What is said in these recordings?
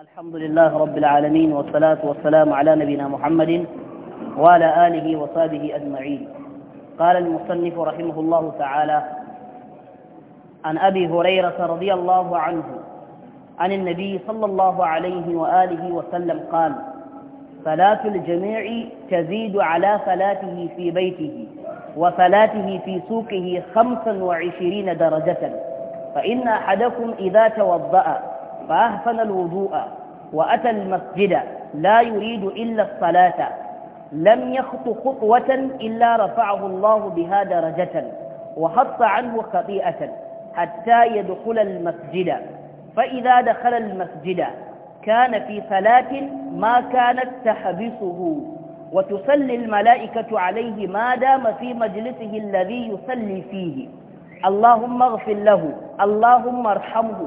الحمد لله رب العالمين والصلاة والسلام على نبينا محمد وعلى آله وصحبه أجمعين قال المصنف رحمه الله تعالى عن أبي هريرة رضي الله عنه عن النبي صلى الله عليه وآله وسلم قال صلاة الجميع تزيد على صلاته في بيته وصلاته في سوقه خمسا وعشرين درجة فإن أحدكم إذا توضأ فأحسن الوضوء وأتى المسجد لا يريد إلا الصلاة لم يخط خطوة إلا رفعه الله بها درجة وحط عنه خطيئة حتى يدخل المسجد فإذا دخل المسجد كان في صلاة ما كانت تحبسه وتصلي الملائكة عليه ما دام في مجلسه الذي يصلي فيه اللهم اغفر له اللهم ارحمه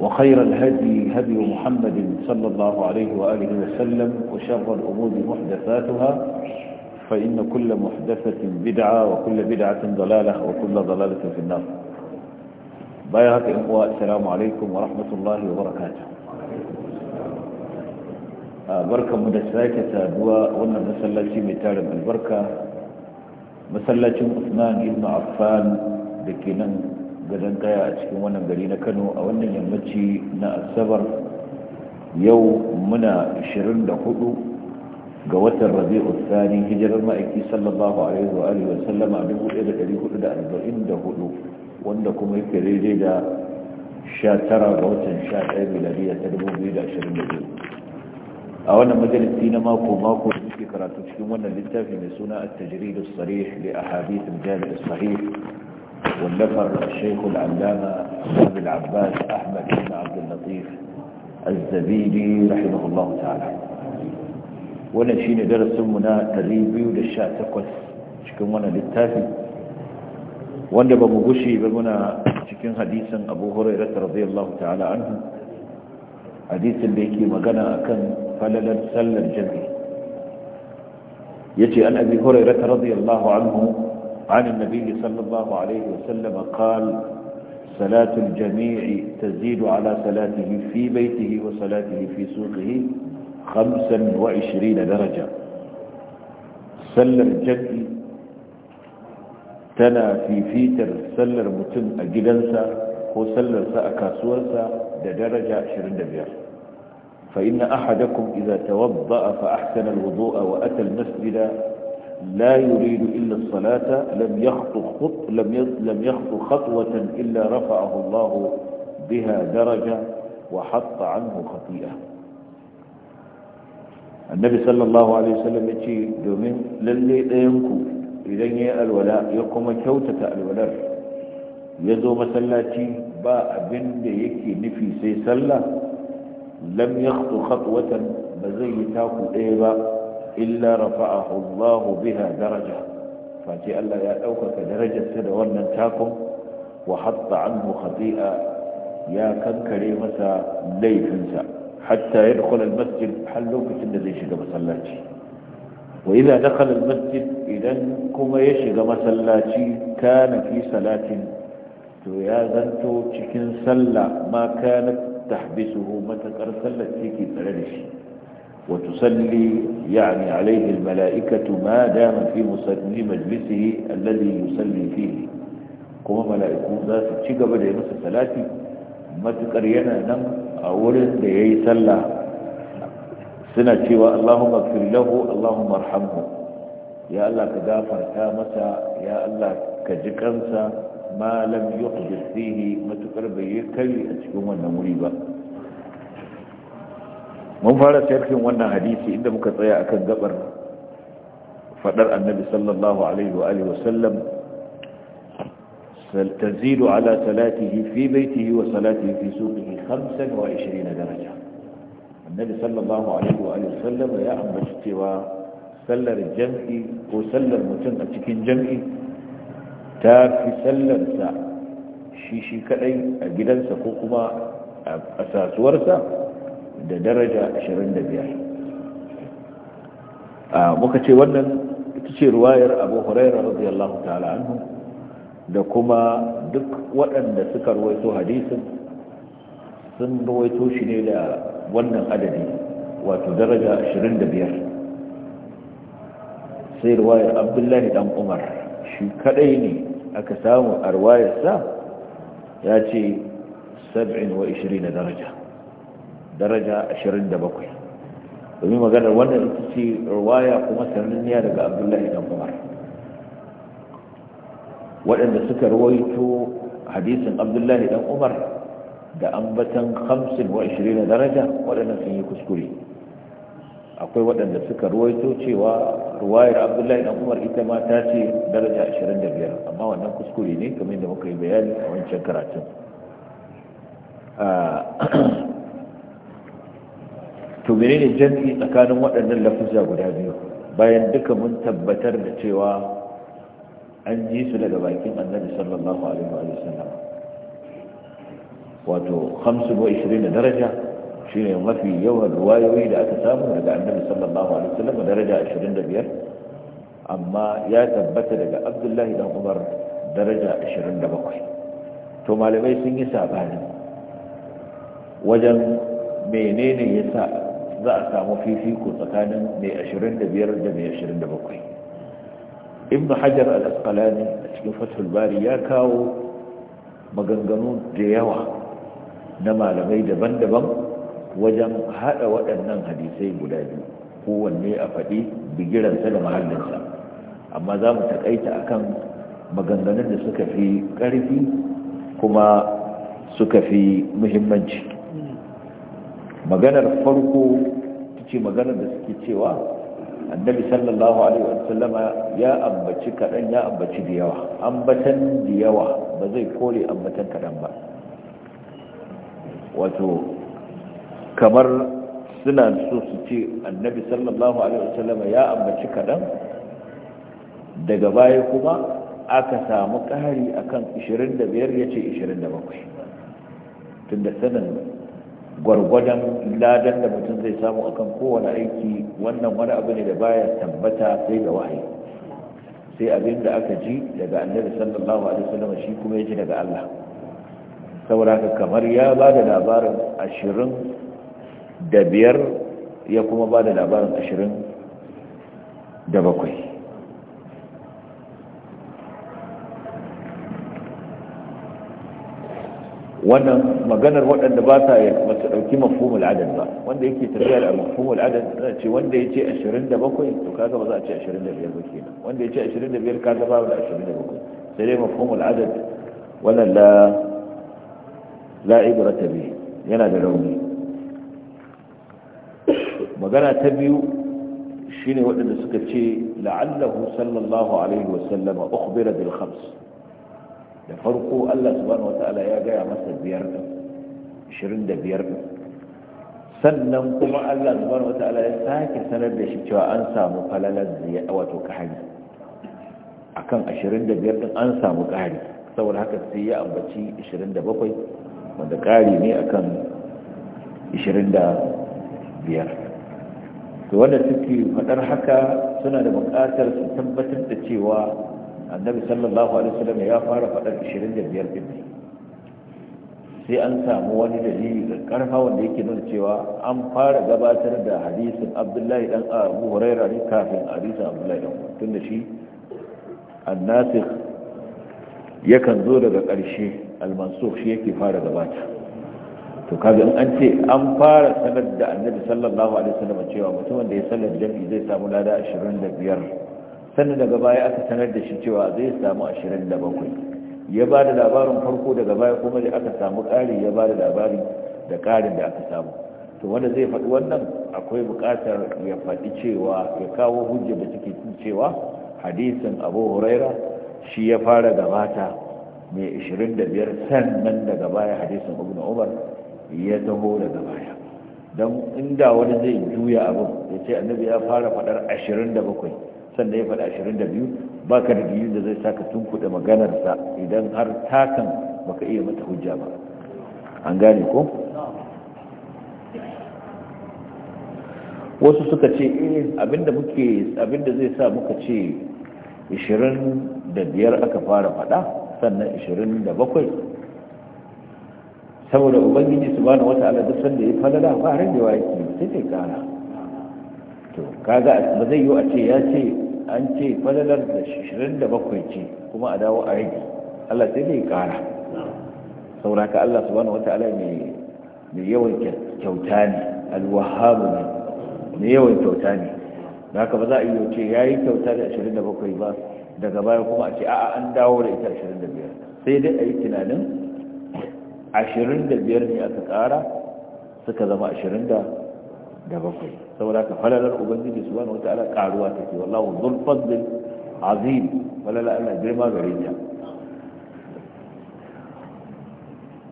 وخير الهدي هدي محمد صلى الله عليه وآله وسلم وشر الأمور محدثاتها فإن كل محدثة بدعة وكل بدعة ضلالة وكل ضلالة في النار بايعك إخوة السلام عليكم ورحمة الله وبركاته آه، بركة مدساكة دواء وانا مسلاتي متالب البركة مسلاتي عثمان بن عفان لكي gadon kaya a cikin wannan gari na kano a wannan yammaci na asabar yau muna 24 ga watan rabi'u tsani hijirar ma'aiki sallallahu alaihi wa alihi wa sallama 1444 wanda kuma yake daidai da 19 ga watan 11 miladiya ta 2022 a wannan majalisi na mako mako da muke karatu cikin wannan littafi mai suna at-tajrid as-sarih li ahadith al-jami' as والنفر الشيخ العلامة أبو العباس أحمد بن عبد اللطيف الزبيدي رحمه الله تعالى وانا شين درس منا تريبي ودشاء تقوس شكونا للتافي وانا بمقشي بمنا شكون حديثا أبو هريرة رضي الله تعالى عنه حديث بيكي مغانا أكن فللا سل الجنة يجي أن أبي هريرة رضي الله عنه عن النبي صلى الله عليه وسلم قال صلاة الجميع تزيد على صلاته في بيته وصلاته في سوقه خمسا وعشرين درجة سلر جدي تنا في فيتر صلى المتن أجدنسا سلر أكاسورسا درجة عشرين درجة فإن أحدكم إذا توضأ فأحسن الوضوء وأتى المسجد لا يريد إلا الصلاة لم يخطو خط لم لم يخطو خطوة إلا رفعه الله بها درجة وحط عنه خطيئة النبي صلى الله عليه وسلم يجي دومين للي دينكو إذا يا الولاء يقوم كوتة الولاء يزو مسلاتي با أبن يكي نفي سي سلا لم يخطو خطوة بزي تاكو إيبا illa rafa'ahu Allah biha daraja face Allah ya ɗaukaka darajarsa da wannan takon wa hatta anhu khati'a ya kankare masa laifinsa hatta yadkhul al-masjid har lokacin da zai shiga masallaci wa idza dakhala masjid idan kuma ya shiga masallaci kana fi salatin to ya zanto cikin sallah ma kana tahbisuhu matakar sallar take tsare da shi وتصلي يعني عليه الملائكة ما دام في مسلم مجلسه الذي يصلي فيه كما ملائكو ذات تشيقب ليمس الثلاثي ما تقرينا نم أولا ليهي سلا سنة شوى اللهم اغفر له اللهم ارحمه يا الله كدافر كامسا يا الله كجكنسا ما لم يحدث فيه ما تقرب يكي أتكوما نمريبا mun fara tarihin wannan hadisi inda muka tsaya akan gabar fadar annabi sallallahu alaihi wa alihi wasallam sal tazidu ala salatihi fi baitihi wa salatihi fi suqihi 25 daraja annabi sallallahu alaihi wa alihi wasallam ya ambaci cewa sallar jami'i ko sallar mutum a cikin jami'i ta fi sallarsa shi shi kadai a gidansa ko kuma a sasuwarsa da daraja 25 muka ce wannan ita ce ruwayar abu huraira radiyallahu ta'ala anhu da kuma duk waɗanda suka ruwaito hadisin sun ruwaito shi ne da wannan adadi wato daraja 25 sai ruwayar abdullahi dan umar shi kadai ne aka samu a ruwayarsa ya ce 27 daraja daraja 27 domin maganar wannan ita ce ruwaya kuma sananniya daga abdullahi dan umar waɗanda suka ruwaito hadisin abdullahi dan umar da ambatan 25 daraja waɗanda sun yi kuskure akwai waɗanda suka ruwaito cewa ruwayar abdullahi dan umar ita ma ta ce daraja 25 amma wannan kuskure ne kamar da muka yi bayani a wancan karatun ah, to menene jami'i tsakanin waɗannan lafuzza guda biyu bayan duka mun tabbatar da cewa an ji su daga bakin annabi sallallahu alaihi wa sallam wato 25 daraja shine mafi yawan ruwayoyi da aka samu daga annabi sallallahu alaihi wa sallam daraja 25 amma ya tabbata daga abdullahi dan umar daraja 27 to malamai sun yi sabani wajen menene yasa za a samu fifiko tsakanin mai ashirin da mai 27 ibn hajar al a cikin fathul bari ya kawo maganganu da yawa na malamai daban-daban wajen hada waɗannan hadisai guda biyu kowanne a faɗi bigiransa da mahallinsa amma za mu taƙaita kan maganganun da suka fi ƙarfi kuma suka fi muhimmanci maganar farko ta ce maganar da suke cewa annabi sallallahu alaihi sallama ya ambaci kaɗan ya ambaci da yawa ambatan da yawa ba zai kore ambatan kaɗan ba wato kamar suna so su ce annabi sallallahu alaihi sallama ya ambaci kaɗan daga baya kuma aka samu ƙari akan 25 ya ce 27 tun da sanin gwargwadon ladan da mutum zai samu akan kowane aiki wannan wani abu ne da baya tambata sai da wahayi sai abin da aka ji daga annabi sallallahu alaihi wasallam shi kuma ya ji daga Allah saboda kamar ya ba da labarin ashirin da biyar ya kuma ba da labarin ashirin da bakwai wannan maganar waɗanda ba sa yin ba ɗauki mafhumul adad ba wanda yake tafiya da mafhumul adad za ce wanda ya ce 27 to kaga ba za a ce 25 ba kenan wanda ya ce 25 kaga ba da 27 sai dai mafhumul adad wannan la la ibrata bi yana da rauni magana ta biyu shine waɗanda suka ce la'allahu sallallahu alaihi wa sallama ukhbira bil khams da farko Allah subhanahu ta'ala ya gaya masa biyar da 25 din sannan kuma Allah subhanahu ta'ala ya sake sanar da shi cewa an samu falalar ziyara wato kahari akan 25 din an samu kahari saboda haka sai ya ambaci 27 wanda kari ne akan 25 to wanda suke fadar haka suna da bukatar su tabbatar da cewa annabi sallallahu alaihi wasallam ya fara faɗar 25 din sai an samu wani dalili da karfa wanda yake nuna cewa an fara gabatar da hadisin abdullahi dan abu huraira ne kafin hadisin abdullahi dan tun da shi annasir yakan zo daga ƙarshe almansur shi yake fara gabata to kaga in an ce an fara sanar da annabi sallallahu alaihi wasallam cewa mutumin da ya sallar jami'i zai samu lada 25 sannan daga baya aka sanar da shi cewa zai samu 27 ya ba da labarin farko daga baya kuma da aka samu ƙari ya ba da labari da ƙarin da aka samu to wanda zai faɗi wannan akwai buƙatar ya faɗi cewa ya kawo hujjar da suke cewa hadisin abu huraira shi ya fara gabata mai 25 sannan daga baya hadisin na umar ya taho daga baya don inda wani zai juya abin ya ce annabi ya fara faɗar 27 sannan ya faɗi ashirin da biyu ba ka da dalilin da zai sa ka tunkuɗe maganarsa idan har takan baka iya mata hujja ba an gane ko wasu suka ce eh, abinda muke abinda zai sa muka ce 25 aka fara fada sannan 27 saboda ubangiji su bani wata ala duk sanda ya falala ba rabewa yake sai ta kara to kaga ba zai yi a ce ya ce an ce falalar da shirin da bakwai ce kuma a dawo a rage Allah sai zai kara sauraka Allah su wata wata'ala mai yawan kyauta ne alwahabu ne mai yawan kyauta ne da haka ba za a yi ce ya yi kyauta da da bakwai ba daga baya kuma a ce a'a an dawo da ita da biyar sai dai a yi tunanin ashirin da biyar ne aka kara suka zama ashirin 27 da bakwai saboda ka falalar ubangiji subhanahu wataala karuwa take wallahu dhul bin azim falala Allah girma gare ni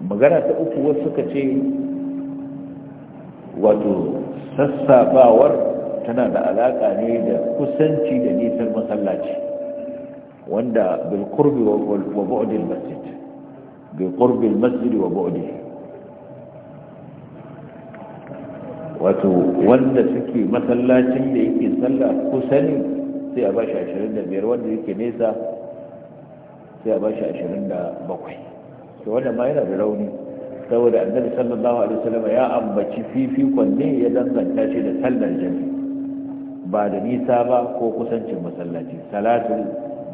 magana ta uku wasu suka ce wato sassabawar tana da alaƙa ne da kusanci da nisan masallaci wanda bilkurbi wa bu'dil masjid bilkurbi masjid wa bu'dil wato wanda suke masallacin da yake sallah kusa sai a bashi ashirin da biyar wanda yake nesa sai a bashi ashirin da bakwai to wanda ma yana da rauni saboda annabi sallallahu alaihi wasallam ya ambaci fifi ne ya danganta shi da sallar jami'i ba da nisa ba ko kusancin masallaci salatul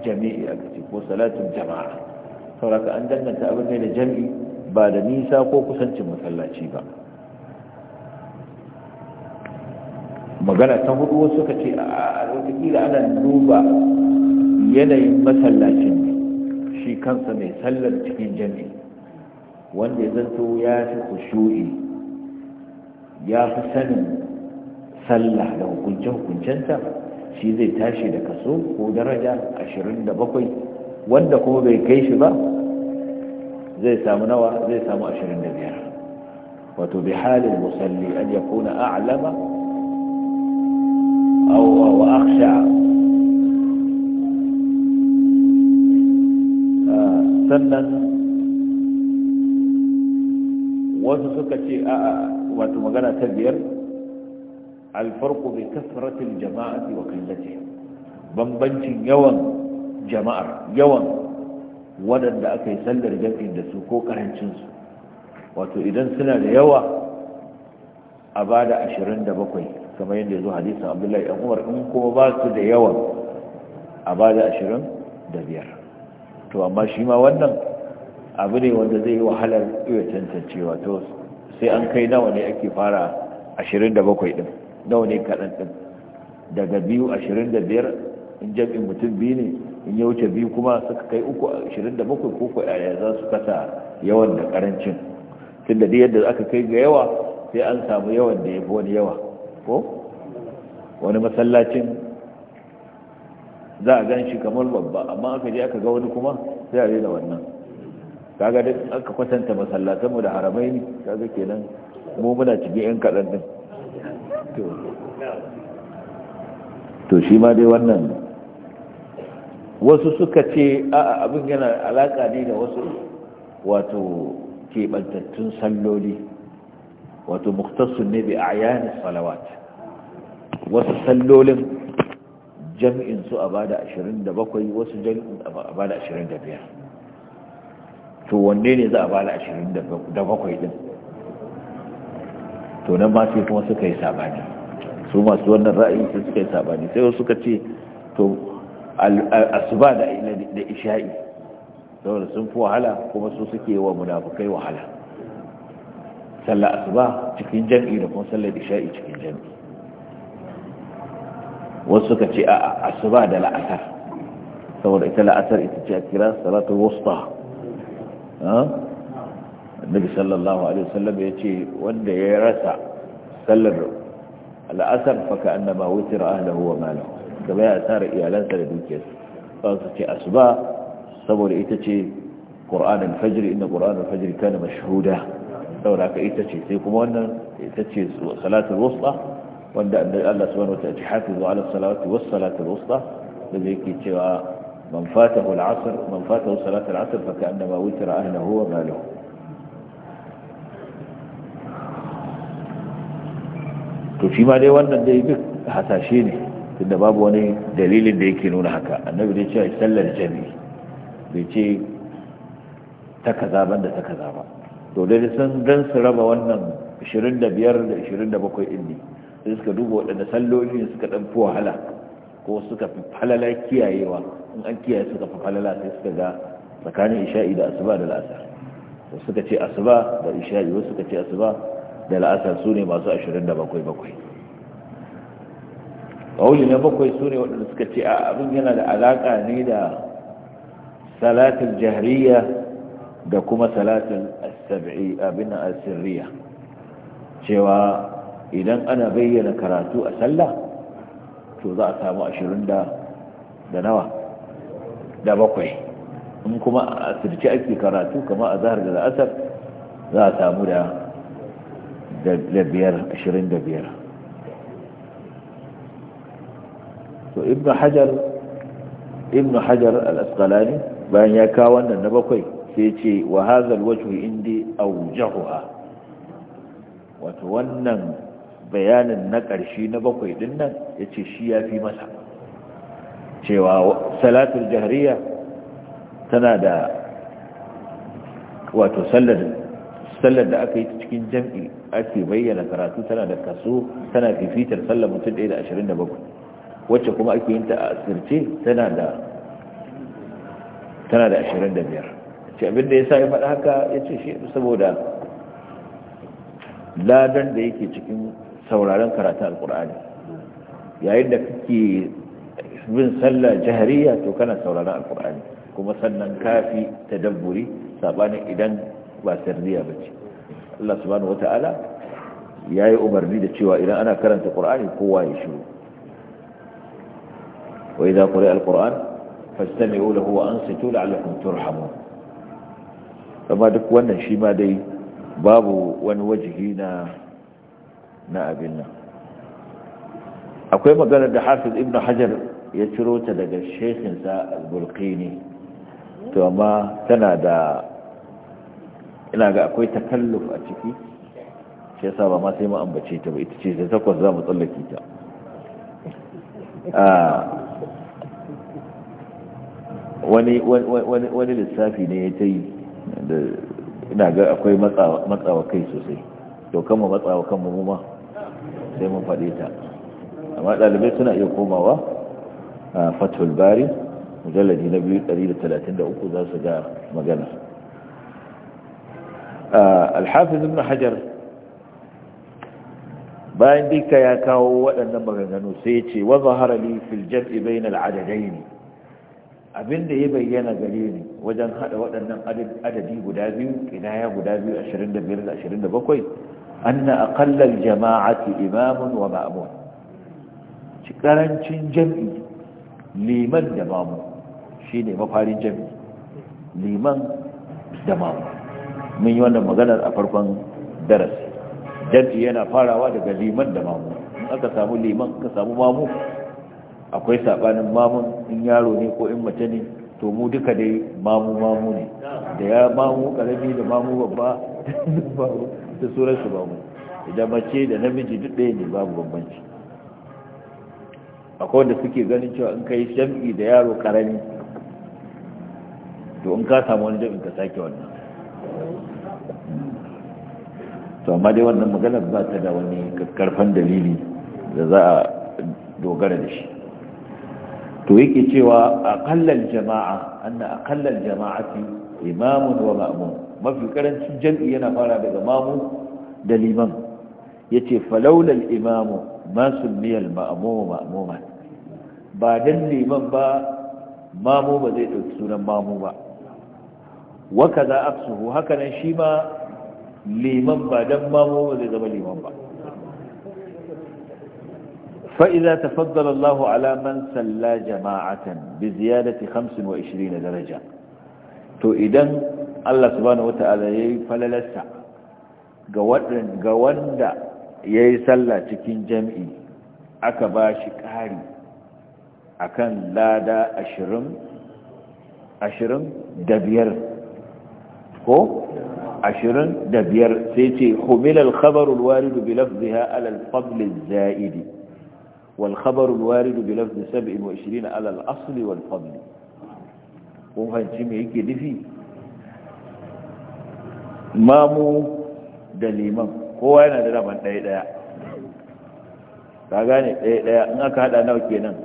jami'i a kace ko salatul jama'a sauraka an danganta abin ne da jami'i ba da nisa ko kusancin masallaci ba magana ta hudu wasu suka ce a wataƙila ana duba yanayin masallacin shi kansa mai sallar cikin jami'i wanda ya zanto ya fi kushu'i ya fi sanin sallah da hukunce-hukuncenta shi zai tashi da kaso ko daraja 27 wanda kuma bai kai shi ba zai samu nawa zai samu 25 wato bi halin musalli an ya kuna a'lama أو وأخشع sannan wasu suka ce a wato magana ta biyar alfarko bai kasratin jama'ati wa kallace bambancin yawan jama'ar yawan waɗanda aka yi sallar jam'in da su ko karancinsu wato idan suna da yawa a bada ashirin da bakwai kamar yadda zo hadisun abdullahi dan umar in kuma ba su da yawa a ba da ashirin da biyar to amma shi ma wannan abu ne wanda zai yi wahalar iya tantancewa to sai an kai nawa ne ake fara ashirin da bakwai ɗin nawa ne kaɗan ɗin daga biyu ashirin da biyar in jam'in mutum biyu ne in ya wuce biyu kuma suka kai uku ashirin da bakwai ko ya za su kasa yawan da ƙarancin tun da yadda aka kai ga yawa sai an samu yawan da ya fi wani yawa ko wani masallacin za a gan shi kamar babba amma aka je aka ga wani kuma sai a rena wannan kaga duk aka kwatanta masallatanmu da haramai ne kaga kenan mu muna cikin yan kaɗan din to shi ma dai wannan wasu suka ce a abin yana alaƙa ne da wasu wato keɓantattun salloli wato muktasun ne bi a yani salawat wasu sallolin jami'in su a bada 27 wasu jami'in a bada 25 to wanne ne za a bada 27 din to nan ba sai kuma suka yi sabani su masu wannan ra'ayi sai suka yi sabani sai wasu suka ce to asuba da isha'i saboda sun fi wahala kuma su suke wa munafukai wahala sallar asuba cikin jam'i da kuma sallar isha'i cikin jam'i wasu suka ce a asuba da la'asar saboda ita la'asar ita ce a kira salatul wusta annabi sallallahu alaihi wasallam ya ce wanda ya rasa sallar la'asar faka annama wutira da wa malahu gaba ya tsara iyalansa da dukiyarsa ba su ce asuba saboda ita ce qur'anul fajr inna qur'anul fajr kana mashhuda saboda ka ita ce sai kuma wannan ita ce salatul wusta wanda Allah subhanahu wataala ya hafi ala salatu was salatul wusta da yake cewa man fatahu al-asr man fatahu salatul asr fa kana ma witira ahlihi wa maluhu to shi ma dai wannan dai duk hasashe ne tunda babu wani dalilin da yake nuna haka annabi dai cewa sallar jami'i bai ce ta kaza banda ta kaza ba to da sun dan su raba wannan 25 da 27 din ne sai suka duba waɗanda salloli suka dan fi wahala ko suka fi falala kiyayewa in an kiyaye suka fi falala sai suka ga tsakanin isha'i da asuba da la'asar to suka ce asuba da isha'i wasu suka ce asuba da la'asar su ne masu 27 ƙauli na bakwai su ne waɗanda suka ce a abin yana da alaƙa ne da salatin jahriya da kuma salatin tabi'i abin asirriya cewa idan ana bayyana karatu a sallah to za a samu ashirin da nawa da bakwai in kuma a asirce ake karatu kama a zahar da la'asar za a samu da biyar ashirin da biyar to ibn hajar ibn hajar al-asqalani bayan ya kawo wannan na bakwai sai ce wa hazal wajhu indi awjahuha wato wannan bayanin na ƙarshe na bakwai din nan yace shi yafi masa cewa salatul jahriya tana da wato sallar sallar da aka yi cikin jam'i ake bayyana karatu tana da kaso tana fifitar sallar mutum bakwai wacce kuma ake yin ta a asirce tana da tana da biyar. ce abinda ya sa ya faɗa haka ya ce shi saboda ladan da yake cikin sauraron karatu alkur'ani yayin da kake bin sallah jahariya to kana sauraron alkur'ani kuma sannan kafi ta dabburi sabanin idan ba sirriya ce Allah subhanahu ya yi umarni da cewa idan ana karanta qur'ani kowa ya shiru wa idza quri'a an saito lahu wa ansitu la'allakum turhamun amma duk wannan shi ma dai babu wani wajihi na na abin nan akwai maganar da hafiz ibn hajar ya ciro ta daga shekinsa al-bulqini to amma tana da ina ga akwai takalluf a ciki shi yasa ba ma sai mu ambace ta ba ita ce sai takwas za mu tsallake ta ah, wani lissafi ne ya ta yi da ina ga akwai matsawa kai sosai to kama matsawa kan mu ma sai mun faɗe ta amma ɗalibai suna iya komawa a fatul bari mujalladi na 233 za su ga magana alhafiz ibn hajar bayan dika ya kawo waɗannan maganganu sai ce wa zahara li fil jam'i bainal adadaini abin da ya bayyana gare ni wajen hada waɗannan adadi guda biyu kinaya guda biyu 25 da 27 anna aqallal jama'ati imamun wa ma'mun ci karancin jami'i liman da mamu shine mafarin jami'i liman da mamu mun yi wannan maganar a farkon darasi jami'i yana farawa daga liman da mamu in aka samu liman aka samu mamu akwai sabanin mamun in yaro ne ko in mace ne to mu duka dai mamu mamu ne da ya mamu karami da mamu babba da sauransu mamu idan mace da namiji duk ɗaya ne babu bambanci akwai wanda suke ganin cewa in ka yi jam'i da yaro karami to in ka samu wani jami'in ka sake wannan to amma dai wannan maganar ba ta da wani karfan dalili da za a dogara da shi to yake cewa aqallal jama'a anna aqallal jama'ati imamun wa ma'mum mafi karancin jami'i yana fara daga mamu da liman yace falawla al imamu ma summiya al ma'mum ma'muman ba dan liman ba mamu ba zai dauki sunan mamu ba wa kaza aksuhu hakanan shi ma liman ba dan mamu ba zai zama liman ba فإذا تفضل الله على من سلى جماعة بزيادة 25 درجة تو إذن الله سبحانه وتعالى فللسع قواند يسلى تكين جمعي أكباش كاري أكن لادا أشرم أشرم دبير هو أشرم دبير سيتي حمل الخبر الوارد بلفظها على الفضل الزائد والخبر الوارد بلفظ سبع وعشرين على الأصل والفضل وفنشم هيك دفي مامو دليما هو أنا دلما ɗaya ɗaya ka gane ɗaya ɗaya in aka haɗa nawa kenan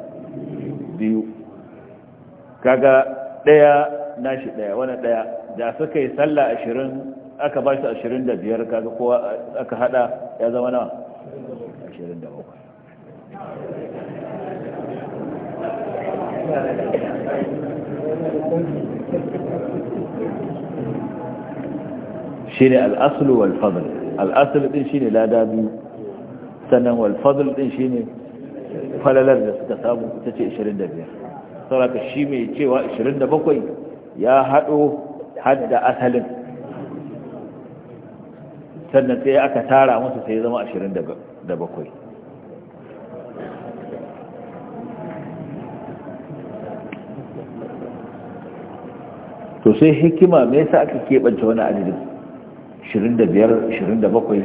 biyu kaga ɗaya nashi ɗaya wani ɗaya da suka yi sallah ashirin aka ba shi ashirin da biyar kaga kowa aka haɗa ya zama nawa ashirin da shi ne al'asulu walfadl al'asulu ɗin shi ne lada biyu sannan walfadl ɗin shi ne falalar da suka samu ta ce 25 sauraka shi mai cewa 27 ya haɗo hadda asalin sannan sai aka tara musu sai zama 27 to sai hikima me yasa aka keɓance wani adadin 25 27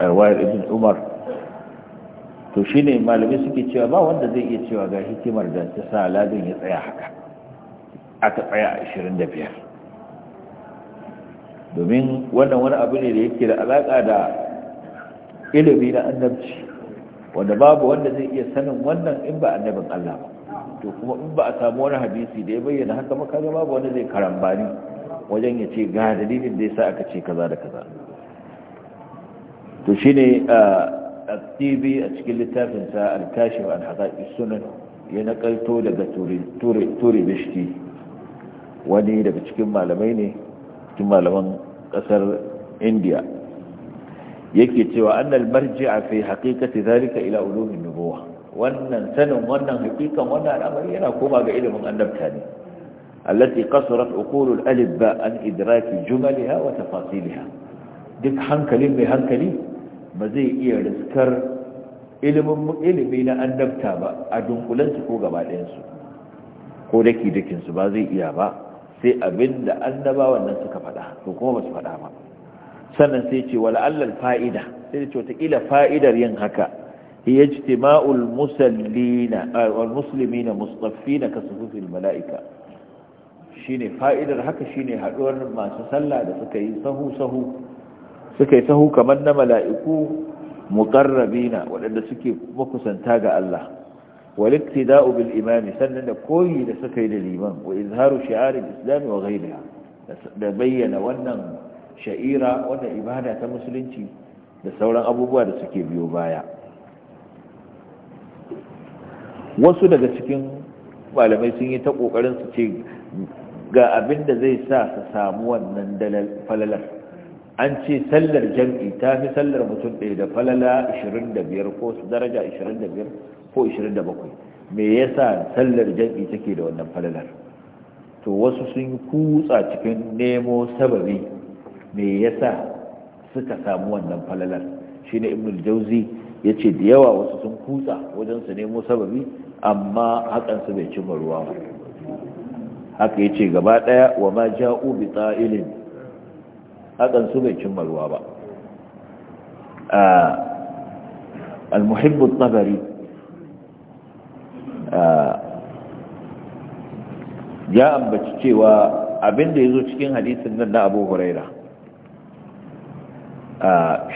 a wayar ibn umar to shi ne malamai suke cewa ba wanda zai iya cewa ga hikimar da ta sa ladin ya tsaya haka aka tsaya a 25 domin wannan wani abu ne da yake da alaƙa da ilimi na annabci wanda babu wanda zai iya sanin wannan in ba annabin Allah ba to kuma in ba a samu wani hadisi da ya bayyana haka maka ga ba wani zai karambani wajen ya ce ga dalilin da ya sa aka ce kaza da kaza to ne a tibi a cikin littafinsa alkashif an haƙaƙi sunan ya naƙalto daga turi bishti wani daga cikin malamai ne cikin malaman ƙasar indiya yake cewa annal marji'a fi haƙiƙati zalika ila ulumin Bowa. wannan sanin wannan hakikan wannan al'amari yana koma ga ilimin annabta ne allati qasarat uqulul alibba an idraki jumalaha wa tafasilaha duk hankalin mai hankali ba zai iya riskar ilimin ilimi na annabta ba a dunkulen su ko gaba ɗayan su ko daki dakin su ba zai iya ba sai abinda annaba nan suka faɗa to kuma ba su faɗa ba sannan sai ce wala allal fa'ida sai ce wata kila fa'idar yin haka هي اجتماع المسلمين والمسلمين na كصفوف الملائكة shine fa'idar haka shine haɗuwar masu sallah da suka yi sahu sahu suka yi sahu kamar na mala'iku muqarrabina wadanda suke makusanta ga Allah waliktida'u bil imami sannan da koyi da sukayi yi da liman wa izharu shi'ar al-islam wa da bayyana wannan sha'ira wannan ibada ta musulunci da sauran abubuwa da suke biyo baya wasu daga cikin malamai sun yi ta kokarin su ce ga abin da zai sa su samu wannan falalar an ce sallar jam'i ta fi sallar mutum ɗaya da falala 25 ko su daraja 25 ko 27 me yasa sallar jam'i take da wannan falalar to wasu sun yi kutsa cikin nemo sababi me yasa suka samu wannan falalar shi shine ibnul jauzi ce da yawa wasu sun kutsa wajen su nemo sababi amma hakan su bai cimma ruwa ba haka ya ce gaba ɗaya wa ma ja'u bi tsa'ilin hakan su bai cimma ruwa ba al-muhibbu tabari ya ambaci cewa abinda ya zo cikin hadisin nan na abu huraira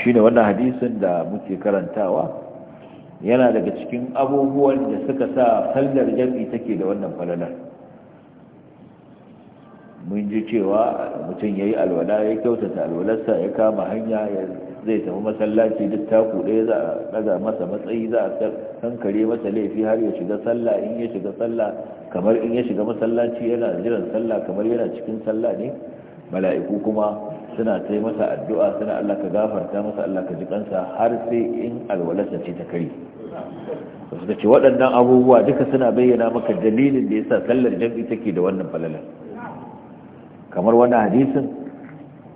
shi ne wannan hadisin da muke karantawa yana daga cikin abubuwan da suka sa sallar jam'i take da wannan falalar mun ji cewa mutum ya yi alwala ya kyautata alwalarsa ya kama hanya zai tafi masallaci duk taku ɗaya za a ɗaga masa matsayi za a kankare masa laifi har ya shiga sallah in ya shiga sallah kamar in ya shiga masallaci yana jiran sallah kamar yana cikin sallah ne mala'iku kuma suna ta masa addu'a suna Allah ka gafarta masa Allah ka ji har sai in alwalarsa ce ta kari ta ce waɗannan abubuwa duka suna bayyana maka dalilin da ya sa sallar jam'i take da wannan falalar kamar wani hadisin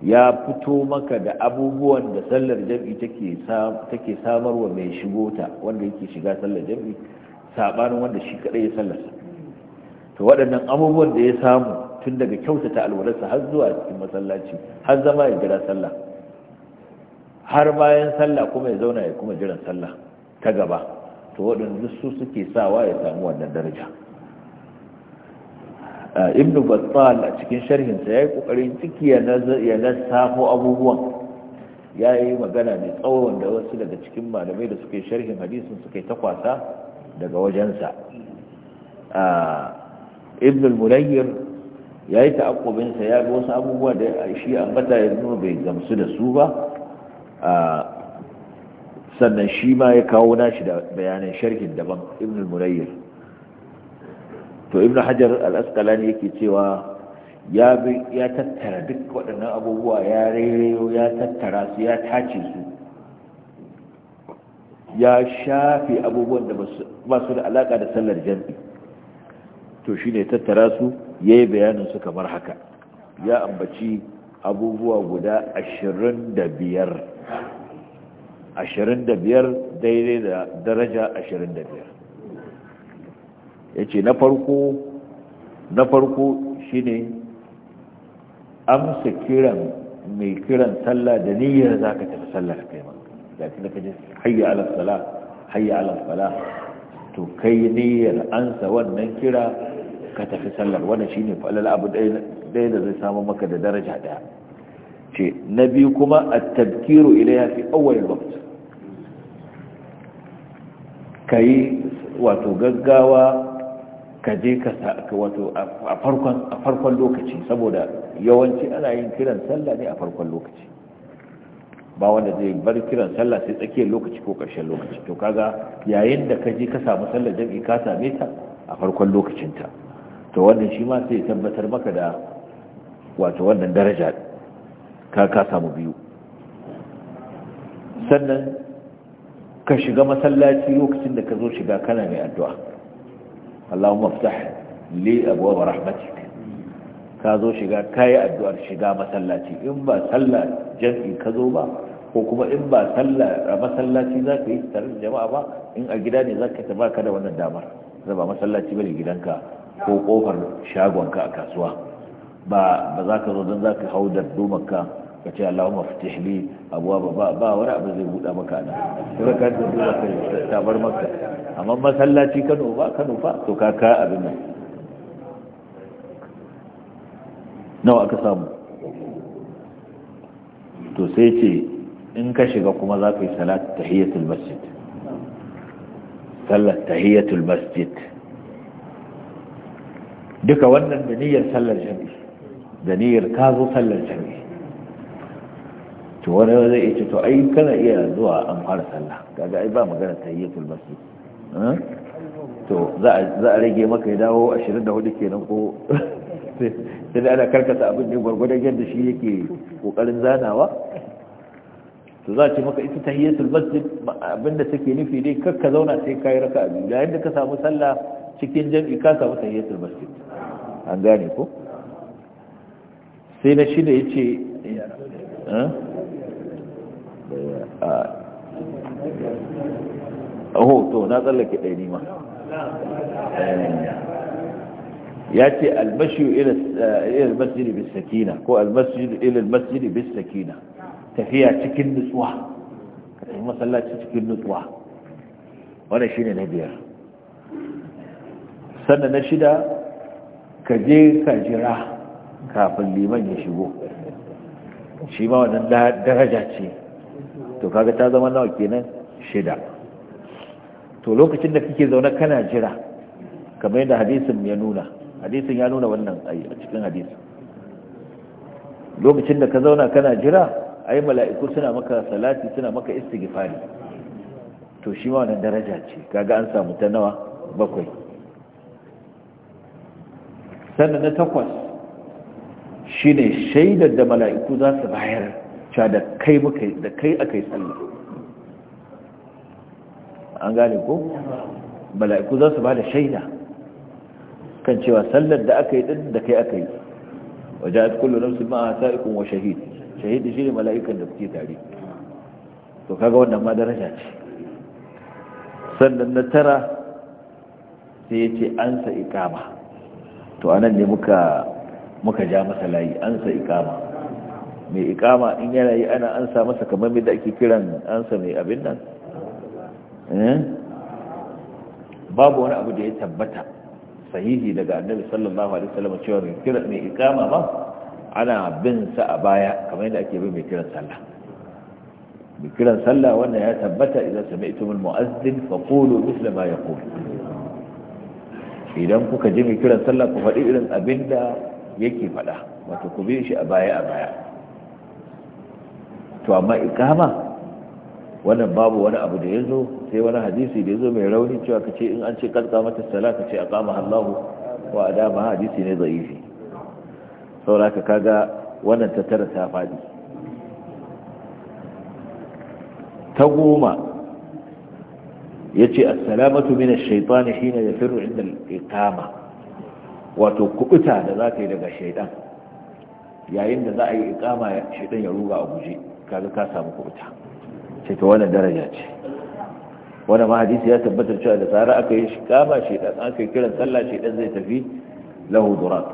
ya fito maka da abubuwan da sallar jam'i take take samarwa mai shigo ta wanda yake shiga sallar jam'i saɓanin wanda shi kadai ya sallarsa to waɗannan abubuwan da ya samu tun daga ta alwalarsa har zuwa cikin masallaci har zama ya jira sallah har bayan sallah kuma ya zauna ya kuma jiran sallah ta gaba to waɗanda su suke sawa ya samu wannan daraja ah, ibn battal a cikin sharhinsa ya yi ƙoƙarin ciki ya lissafo abubuwan ya yi magana mai tsawon da wasu daga cikin malamai da suke sharhin hadisin suke takwasa daga wajensa ah, ibn al ya yi ta'akkubinsa ya bi wasu abubuwa da shi ambata ya nuna bai gamsu da su ba sannan shi ma ya kawo nashi da bayanan sharhin daban ibn murayyir to ibn hajar al yake cewa ya tattara duk waɗannan abubuwa ya rereyo ya tattara su ya tace su ya shafe abubuwan da ba su da alaƙa da sallar jam'i to shi ne tattara su ya yi bayaninsu kamar haka ya ambaci abubuwa guda ashirin da biyar ashirin da biyar daidai da daraja ashirin da biyar ya ce na farko na farko shi ne amsa kiran mai kiran sallah da niyyar za ka tafi sallah ka kai ma da ka kaji hayya ala sala hayya ala sala to kai niyyar ansa wannan kira ka tafi sallar wannan ne falal abu ɗaya da zai samu maka da daraja ɗaya ce na biyu kuma at ila ya fi awwal waqt kai wato gaggawa ka je ka wato a farkon lokaci saboda yawanci ana yin kiran sallah ne a farkon lokaci ba wanda zai bar kiran sallah sai tsakiyar lokaci ko karshen lokaci to kaga yayin da ka je ka samu sallar jam'i ka same ta a farkon lokacinta to wannan shi ma sai tabbatar maka da wato wannan daraja ka ka samu biyu sannan ka shiga masallaci lokacin da ka zo shiga kana mai addu'a Allahumma ftah li abwaab rahmatik ka zo shiga kai addu'ar shiga masallaci in ba sallah jami'i ka zo ba ko kuma in ba sallah masallaci zaka yi tare da jama'a ba in a gida ne zaka ta baka da wannan damar zaba masallaci bane gidanka ko kofar shagonka a kasuwa ba ba za ka zo don za ka hau da domarka ka ce Allahumma fitih li abuwa ba ba wani abu zai buɗa maka ana sai ka da domarka ta bar maka amma masallaci Kano ba Kano fa to ka ka abin nan nawa aka samu to sai ce in ka shiga kuma za ka yi salat tahiyatul masjid sallar tahiyatul masjid duka wannan da niyyar sallar jami da niyyar ka zo sallar jami to wani zai ce to ai kana iya zuwa an fara sallah gaga ai ba magana ta tayyitul masjid hmm? to za a rage maka ya dawo 24 kenan ko sai ana karkata abin ne gwargwadon yadda shi yake kokarin zanawa to za a ce maka ita ta yi masjid abinda take nufi dai kakka zauna sai kai raka biyu da yadda ka samu sallah cikin jam'i ka samu tahiyatul masjid an gane ko sai na shida yace ce, oh to na tsallake ɗaya nima eh. ya ce almashiyu ilil masjidi bis sakina ko almasjidu ilil masjidi bis sakina tafiya cikin nutsuwa ka masallaci cikin nutsuwa shi ne na biyar sannan na shida ka je ka jira kafin liman ya shigo shi ma wannan daraja ce to kaga ta zama nawa kenan shida to lokacin da kike zaune kana jira kamar yadda hadisin ya nuna hadisin ya nuna wannan a cikin hadisin lokacin da ka zauna kana jira ai mala'iku suna maka salati suna maka istighfari to shi ma wannan daraja ce kaga an samu ta nawa bakwai sannan na takwas shi ne shaidar da mala'iku za su bayar cewa da kai da kai aka yi sallah an gane ko mala'iku za su ba da shaida kan cewa sallar da aka yi din da kai aka yi waje a kullu nafsin ma'a sa'ikun wa shahid shahidi shi ne mala'ikan da kuke tare to kaga wannan ma daraja ce sannan na tara sai ce an sa ikama to anan ne muka muka ja masa layi an sa ikama mai ikama in yana yi ana an sa masa kamar mai da ake kiran ansa mai abin nan eh? babu wani abu da ya tabbata sahihi daga annabi sallallahu alaihi wasallam cewa mai kira mai ikama ba ana bin sa a baya kamar yadda ake bin mai kiran sallah mai kiran sallah wannan ya tabbata idan sami'tumul mu'azzin faqulu mithla ma yaqul idan kuka ji mai kiran sallah ku faɗi irin abin da yake faɗa wato ku bi shi a baya a baya to amma ikama wannan babu wani abu da ya zo sai wani hadisi da ya zo mai rauni cewa ka ce in an ce kalka mata sala ka ce a kama ko a dama hadisi ne zaifi ka kaga wannan tattara ta faɗi ta goma yace assalamatu salamatu min shi ne hina yafiru inda al-iqama wato kubuta da zaka yi daga shaydan yayin da za a yi iqama shaydan ya ruga a guje kaga ka samu kubuta ce to wannan daraja ce wannan ma hadisi ya tabbatar cewa da tsara aka yi iqama shaydan aka yi kiran sallah shaydan zai tafi lahu durat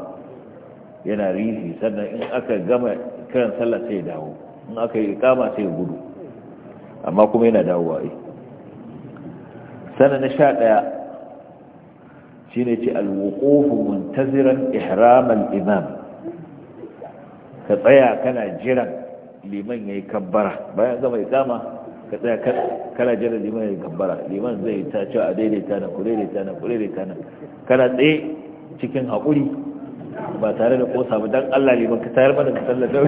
yana rihi sannan in aka gama kiran sallah sai ya dawo in aka yi iqama sai ya gudu amma kuma yana dawowa eh sana na sha ɗaya shi ne ce alwukofu muntaziran ihraman imam ka tsaya kana jiran liman ya yi kabbara bayan gama ikama ka tsaya kana jiran liman ya yi kabbara liman zai ta cewa a daidaita na ku daidaita na ku daidaita na kana tsaye cikin haƙuri ba tare da ƙosa ba don allah liman ka tayar mana ka sallar da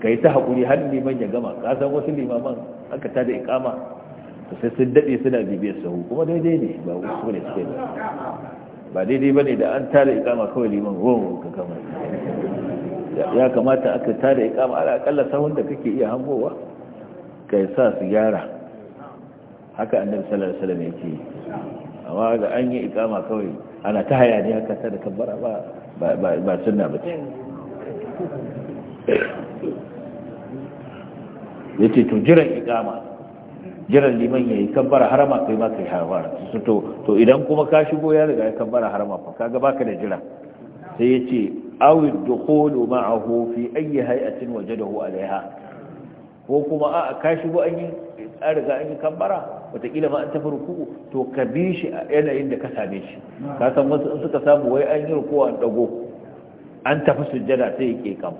ka yi ta haƙuri har liman ya gama ka san wasu limaman aka ta da ikama to sai sun daɗe suna bibiyar sahu kuma daidai ne ba wasu ne suke ba ba daidai ba ne da an ta da ikama kawai liman ruwan ka kama ya kamata aka ta da ikama ala akalla sahun da kake iya hangowa ka yi sa su gyara haka annabi sallallahu alaihi wasallam yake amma ga an yi ikama kawai ana ta hayaniya haka ta da kabbara ba ba ba sunna ba ce ya ce to jiran iqama jiran liman ya yi kambara harama kai ma kai harama to to idan kuma ka shigo ya riga ya kambara harama fa kaga baka da jira sai ya ce awid dukhulu ma'ahu fi ayyi hay'atin wajadahu alaiha ko kuma a ka shigo an yi an riga an yi kambara wataƙila ma an tafi ruku'u to ka bi shi a yanayin da ka same shi ka san wasu in suka samu wai an yi ruku'u an dago an tafi sujjada sai ya ke kam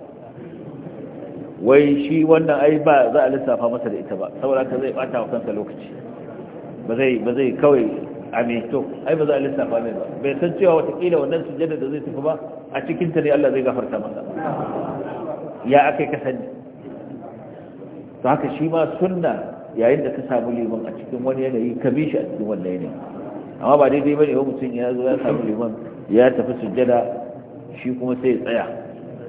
wai shi wannan ai ba za a lissafa masa da ita ba saboda ka zai bata wa kansa lokaci ba zai kawai ame to ai ba za a lissafa mai ba bai san cewa watakila wannan sujjada da zai tafi ba a cikin ne Allah zai gafarta masa ya akai ka sani to haka shi ma sunna yayin da ka samu liman a cikin wani yanayi ka bi shi a cikin wannan yanayi amma ba daidai bane ba mutum ya zo ya samu liman ya tafi sujjada shi kuma sai ya tsaya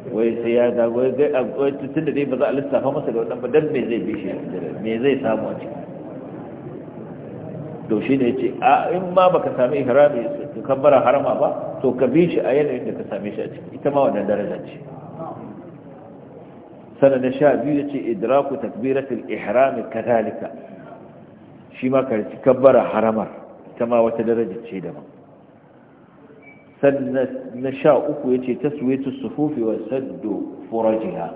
wai sai ya ga wai ga akwai tun da dai ba za a lissafa masa da wannan ba dan me zai bi shi me zai samu a ciki to shi ne ya ce a in ma baka sami ihrami to kan bara harama ba to ka bi shi a yanayin da ka same shi a ciki ita ma wannan daraja ce sanada sha biyu yace idraku takbiratul ihram kadhalika shi ma ka bara haramar ita ma wata daraja ce daban na sha uku ya ce taswaitu sufufi wa saddo furajiha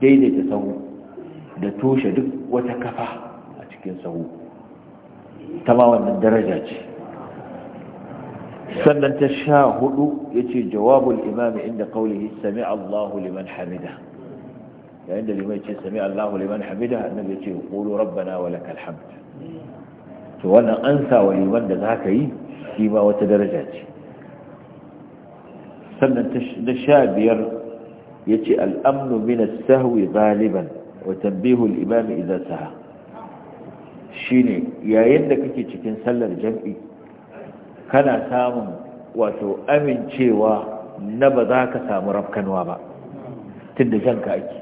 daidaita sahu da toshe duk wata kafa a cikin sahu ta ma wannan daraja ce sannan ta sha hudu ya ce jawabul imami inda kaulihi sami allahu liman hamida yayin da limai ce sami allahu liman hamida annabi ya ce kulu rabbana wa lakal hamd to wannan an wa liman da za ka yi shi ba wata daraja ce sannan na sha biyar ya ce al'amnu minas sahwi zaliban Watan tambihul imami idan saha shi ne yayin da kake cikin sallar jam'i kana samun wato amincewa na ba za ka samu rafkanwa ba tun da janka ake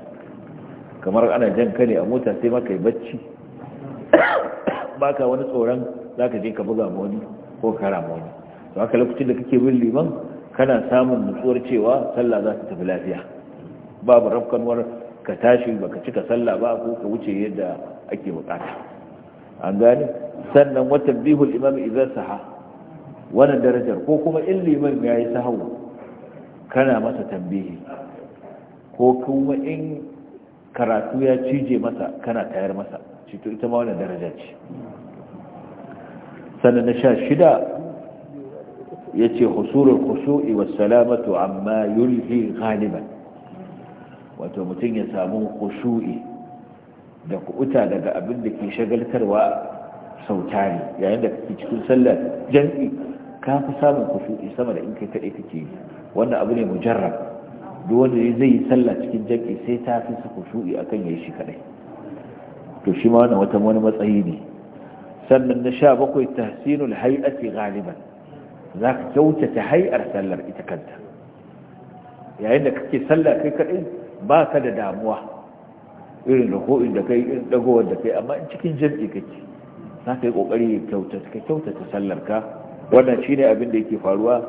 kamar ana janka ne a mota sai maka yi bacci ba ka wani tsoron za ka je ka buga wani ko karama wani to haka lokacin da kake bin liman kana samun nutsuwar cewa sallah za ta tafi lafiya babu rafkanwar ka tashi baka cika sallah ba ko ka wuce yadda ake bukata an gani sannan wata bihul imam idan saha wannan darajar ko kuma in liman ya yi sahawu kana masa tambihi ko kuma in karatu ya cije masa kana tayar masa shi to ita ma wannan darajar ce sannan na sha shida ya ce husurul khushu'i wa salamatu amma yulhi ghaliban wato mutum ya samu khushu'i da kuɓuta daga abin da ke shagaltarwa sautari yayin da kake cikin sallar jam'i ka fi samun khushu'i sama da in kai kaɗai kake yi wannan abu ne mujarrab duk wanda zai yi sallah cikin jam'i sai ta fi su khushu'i akan yayi shi kaɗai to shi ma wannan wata wani matsayi ne sannan na sha bakwai tahsinul hay'ati galiban za ka kyautata hay'ar sallar ita kanta yayin da kake sallar kai kaɗai ba ka da damuwa irin ruku'in da kai irin dagowar da kai amma in cikin jam'i kake za ka yi ƙoƙari ka kyautata sallar ka wannan shi ne abin da yake faruwa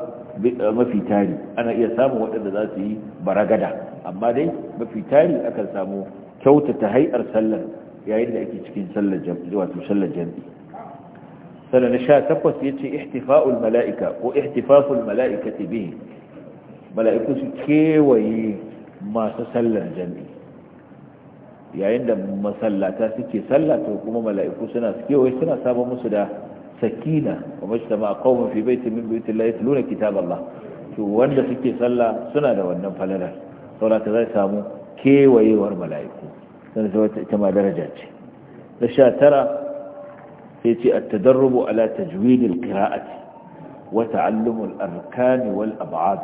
mafi tari ana iya samun waɗanda za su yi baragada amma dai mafi tari akan samu kyautata hai'ar sallar yayin da ake cikin sallar jam'i wato sallar jam'i sannan na sha takwas ya ce ihtifa'ul mala'ika ko ihtifaful mala'ika ta bihi mala'iku su kewaye masu sallar jami'i yayin da masallata suke sallata kuma mala'iku suna su kewaye suna sabon musu da sakina wa majtama qaumun fi baitin min baiti Allah yatluna kitaballah to wanda suke sallah suna da wannan falalar saboda ta zai samu kewayewar mala'iku sannan ita ma daraja ce da sha tara sai ce at-tadarrubu ala tajwid al-qira'ati Wata ta'allum al-arkan wal ab'ad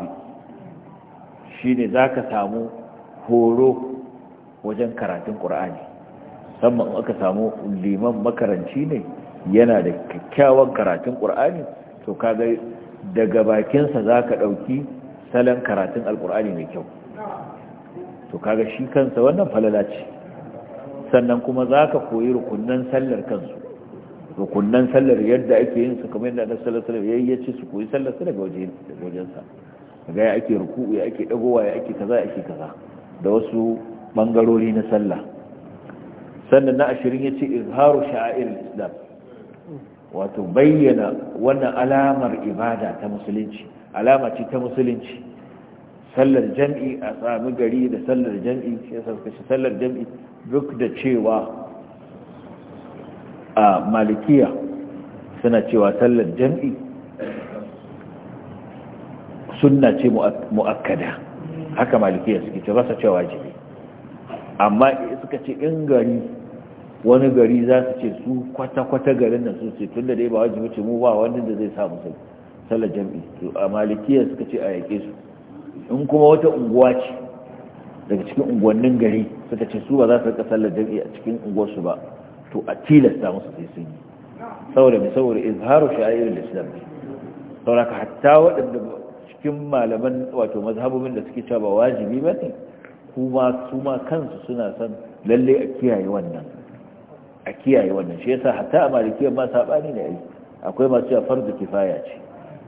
shine zaka samu horo wajen karatun Qur'ani musamman aka samu liman makaranci ne yana da kyakkyawan karatun Qur'ani to kaga daga bakinsa zaka ɗauki salon karatun alkur'ani mai kyau to kaga shi kansa wannan falala ce sannan kuma za ka koyi rukunan sallar kansu Rukunan sallar yadda ake yin su kamar yadda annabi sallallahu alaihi wasallam yayi su koyi sallar su daga wajen sa ga ya ake ruku'u ya ake dagowa ya ake kaza ya ake kaza da wasu bangarori na sallah sannan na ashirin ya yace izharu sha'air islam wato bayyana wannan alamar ibada ta musulunci alama ce ta musulunci sallar jam'i a sami gari da sallar jam'i sai suka sallar jam'i duk da cewa a malikiya suna cewa sallar jam'i sunna ce mu'akkada haka malikiya suke ce ba su cewa jini amma suka ce in gari wani gari za su ce su kwata-kwata garin nan su ce tun da dai ba wajen ce mu ba wani da zai samu sai sallar jam'i to a malikiya suka ce a yake su in kuma wata unguwa ce daga cikin unguwannin gari suka ce su ba za su rika sallar jam'i a cikin unguwarsu ba to a tilasta musu sai sun yi saboda mai saboda izharu sha'irin islam saboda ka hatta waɗanda cikin malaman wato mazhabobin da suke cewa ba wajibi ba ne kuma su ma kansu suna son lalle a kiyaye wannan a kiyaye wannan shi yasa hatta a malikiyar ma sabani ne ai akwai masu cewa fardu kifaya ce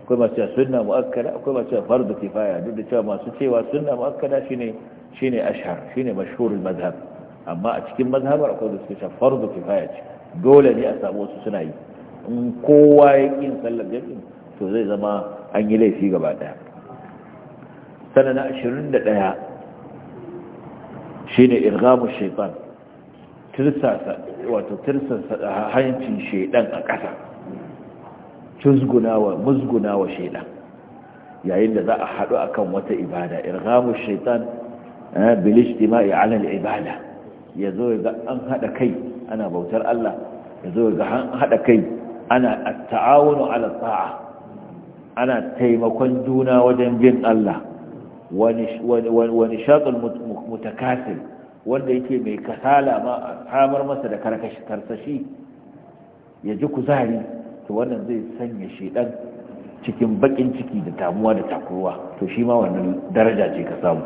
akwai masu cewa sunna mu'akkada akwai masu cewa fardu kifaya duk da cewa masu cewa sunna mu'akkada shine shine ashhar shine mashhurul madhhab amma a cikin mazhabar akwai da suke shafar da kifaya ce dole ne a samu wasu suna yi in kowa ya ƙin sallar jami'in to zai zama an yi laifi gaba ɗaya sana na ashirin da ɗaya shi ne irgamu shaitan wato tirsasa hancin shaidan a ƙasa cizgunawa musgunawa shaidan yayin da za a haɗu akan wata ibada irgamu shaitan bilis tima'i alal ibada ya zo ya ga an haɗa kai ana bautar Allah ya zo ga an haɗa kai ana ta'awunu ala sa'a ana taimakon juna wajen bin Allah wani shaƙin mutakasir wanda yake mai kasala ma a samar masa da karsashi ya ji kuzari to wannan zai sanya shaidan cikin bakin ciki da tamuwa da takurwa to shi ma wannan daraja ce ka samu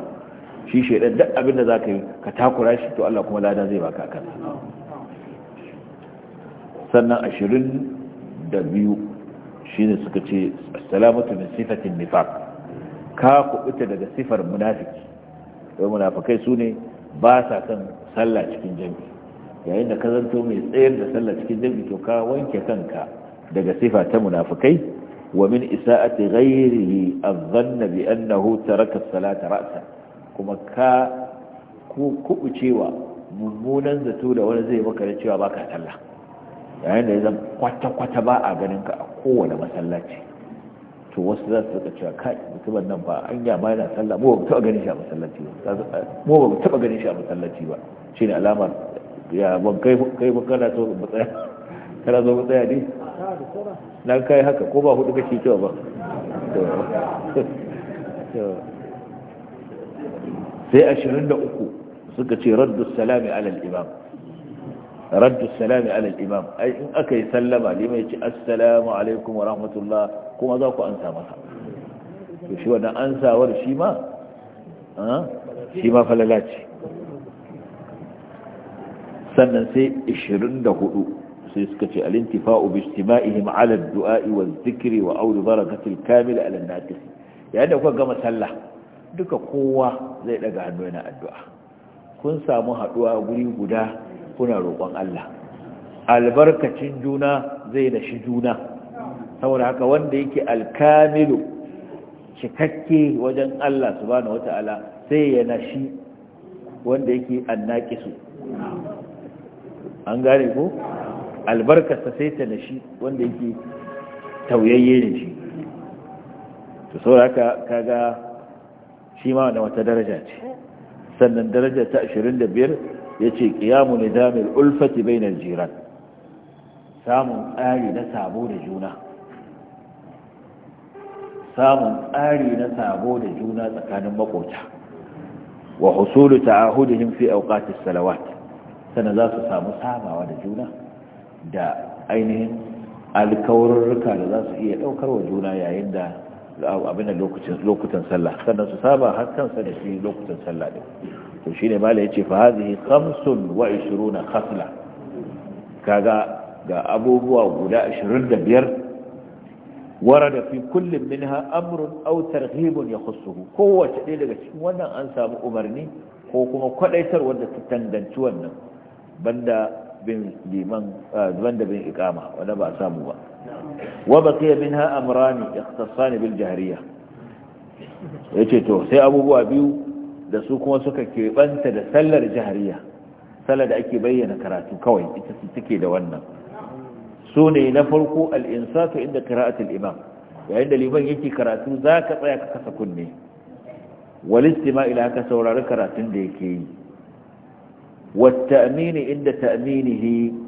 shi shaidan duk abin da za ka yi ka takura shi to Allah kuma lada zai baka kan sannan ashirin da biyu shi ne suka ce salamatu min sifatin nifaq ka kubuta daga sifar munafiki don munafikai su ne ba sa kan sallah cikin jami'i yayin da ka zanto mai tsayar da sallah cikin jami'i to ka wanke kanka daga sifa ta munafikai wa min isa'ati ghayrihi adh-dhanna bi annahu taraka as-salata ra'sa kuma ka cewa mummunan zato da wani zai maka da cewa ba ka Allah yayin da ya zama kwata-kwata ba a ganin ka a kowane masallaci to wasu za su suka cewa kai mutumin nan ba an yama yana sallah mu ba mu taba ganin shi a masallaci ba mu ba mu taba ganin shi a masallaci ba ne alamar ya ban kai kai kana so mu tsaya kana so mu tsaya ne dan kai haka ko ba hudu kake cewa ba to sai ashirin da uku suka ce raddu salami alal imam raddu salami alal imam ai in aka yi sallama lima ya ce assalamu alaikum wa rahmatullah kuma za ku ansa masa to shi wannan ansawar shi ma shi ma falala ce sannan sai ishirin da hudu sai suka ce alintifa'u bi ijtima'ihim 'ala ad-du'a'i wa adh-dhikri wa awli barakatil kamil 'ala an-naqis yayin da kuka gama sallah duka kowa zai daga hannu yana addu'a kun samu haduwa guri guda kuna roƙon Allah albarkacin juna zai nashi juna saboda haka wanda yake alkamilu cikakke wajen Allah su bane wata'ala sai ya nashi wanda yake su an gane ko albarkasta sai ta nashi wanda yake tauyayye ne shi to saboda haka kaga shi ma da wata daraja ce sannan daraja ta 25 yace qiyamu nidamil ulfati bainal jiran samun tsari na sabo da juna samun tsari na sabo da juna tsakanin makota wa husulu ta'ahudihim fi awqatis salawat sannan za su samu samawa da juna da ainihin alkawarurruka da za su iya daukar wa juna yayin da abin da lokutan sallah sannan su saba har kansa da shi lokutan sallah din to shine mala ce fa hadhihi 25 khasla kaga ga abubuwa guda wara da fi kullin minha amrun aw ya yakhussuhu kowace ɗaya daga cikin wannan an samu umarni ko kuma kwadaitar wanda ta tanganci wannan banda bin liman ah, banda bin iqama ba samu ba wa baqiya minha amrani ikhtassan bil Ya yace to sai abubuwa biyu da su kuma suka keɓanta da sallar jahriya sallar da ake bayyana karatu kawai ita ce take da wannan su ne na farko al inda qira'atul imam yayin da liman yake karatu za ka tsaya ka kasa kunne walistima ila ka saurari karatun da yake yi wa ta'mini inda ta'minihi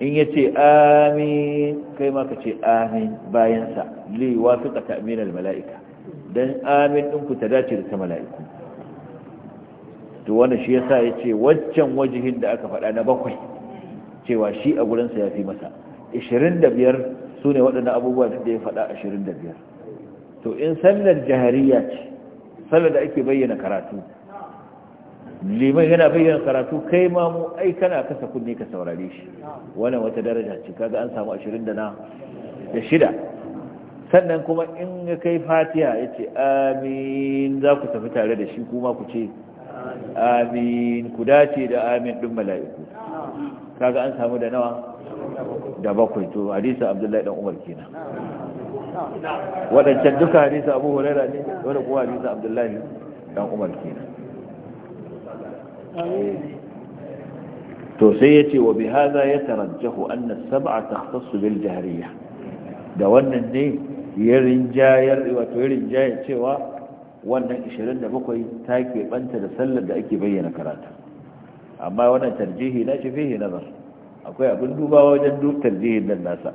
in ya ce amin kai ma ka ce amin bayansa li wasu ka mala'ika don amin ku ta dace da ta mala'iku to wanda shi yasa ya ce waccan wajihin da aka faɗa na bakwai cewa shi a gurinsa ya fi masa 25 su ne waɗannan abubuwa da ya faɗa 25 to in sallar jahariya ce sallar da ake bayyana karatu liman yana bayyana karatu kai ma mu ai kana kasa kunne ka saurare shi wannan wata daraja ce kaga an samu 20 da na da shida sannan kuma in ya kai fatiha yace amin za ku tafi tare da shi kuma ku ce amin ku dace da amin din mala'iku kaga an samu da nawa da bakwai to hadisi abdullahi dan umar kenan wadancan duka hadisi abu hurairah ne wanda kuma hadisi abdullahi dan umar kenan to sai ya ce wa bi haza ya tarajjahu anna sab'a takhtassu bil jahriya da wannan ne ya rinjayar wato ya rinjaya cewa wannan 27 ta ke banta da sallar da ake bayyana karata amma wannan tarjihi na shi fihi nazar akwai abin duba wajen duk tarjihin nan nasa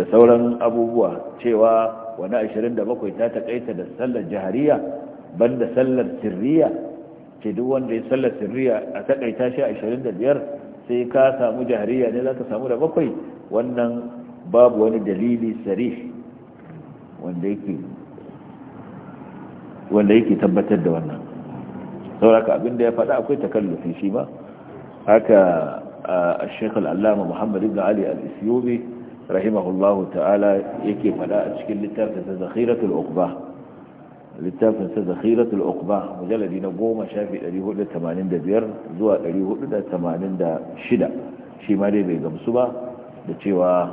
da sauran abubuwa cewa wani 27 ta takaita da sallar jahariya banda sallar sirriya ke duk wanda ya sallar sirriya a takaita shi ashirin da biyar sai ka samu jahariya ne zaka samu da bakwai wannan babu wani dalili sarih wanda yake tabbatar da wannan sauraka da ya faɗa akwai takallufi shi ba haka a shekul allama muhammadu ibn ali al isiyobi rahimahullahu ta'ala yake faɗa a cikin littafin ta zahiratul uqba littafin sa zakhiratul uqba mujalladi na 10 shafi 485 zuwa 486 shi ma dai bai gamsu ba da cewa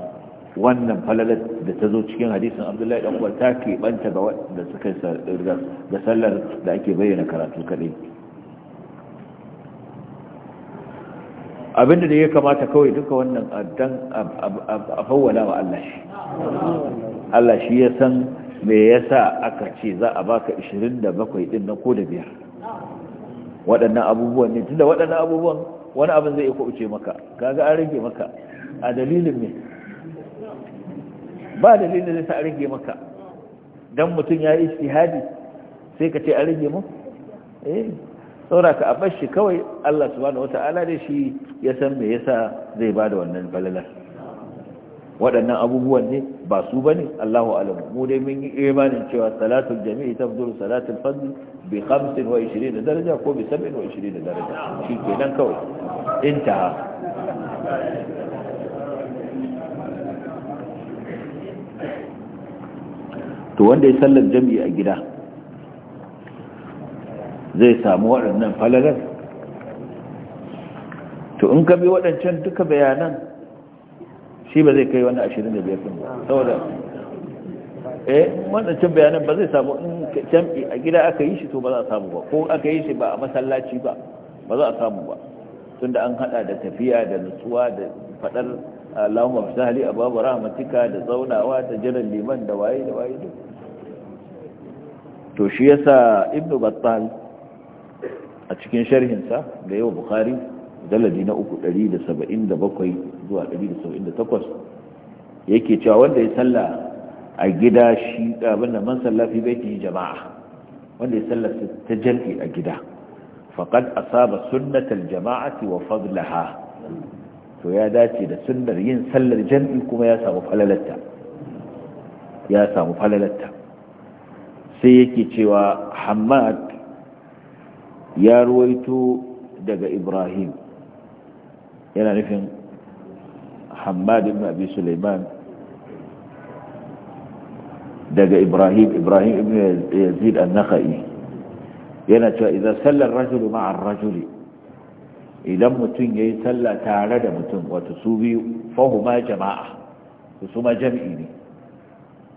wannan falalar da ta zo cikin hadisin abdullahi dan uwar ta keɓanta ga suka ga sallar da ake bayyana karatu kaɗai abinda da ya kamata kawai duka wannan dan a fawwala wa Allah shi Allah shi ya san me yasa aka ce za a baka 27 din na ko da biyar waɗannan abubuwan ne tunda waɗannan abubuwan wani abin zai iko uce maka kaga an rage maka a dalilin ne ba dalilin da sa a rage maka dan mutum ya yi istihadi sai ka ce a rage mu eh saura ka abar shi kawai Allah subhanahu wata'ala dai shi ya san me yasa zai bada wannan falalar waɗannan abubuwan ne ba su ne Allahu alamu mu dai mun yi imanin cewa salatul jami'i tafduru salatul fadl bi 25 daraja ko bi 27 daraja shi nan kawai intaha to wanda ya sallar jami'i a gida zai samu waɗannan falalar to in ka bi waɗancan duka bayanan shi ba zai kai wani 25 din ba saboda eh wancan bayanan ba zai samu in jam'i a gida aka yi shi to ba za a samu ba ko aka yi shi ba a masallaci ba ba za a samu ba tunda an hada da tafiya da nutsuwa da fadar ah, Allahumma a babu rahmatika da zaunawa da jiran liman da waye da waye to shi yasa ibnu battal a cikin sharhinsa da yau bukhari daladi na uku ɗari da saba'in da bakwai zuwa ɗari da saba'in da takwas yake cewa wanda ya salla a gida shi abin da man salla fi baiti jama'a wanda ya salla ta jam'i a gida a saba sunnatal jama'ati wa fadlaha to ya dace da sunnar yin sallar jam'i kuma ya samu falalatta ya samu falalatta sai yake cewa hamad ya ruwaito daga ibrahim yana nufin hamad ibn abi sulaiman daga ibrahim ibrahim ibn yazid an-nakhai yana cewa idan sallar rajulu ma'a rajuli idan mutum ya yi sallah tare da mutum wato su biyu fahuma jama'a su suma jami'i ne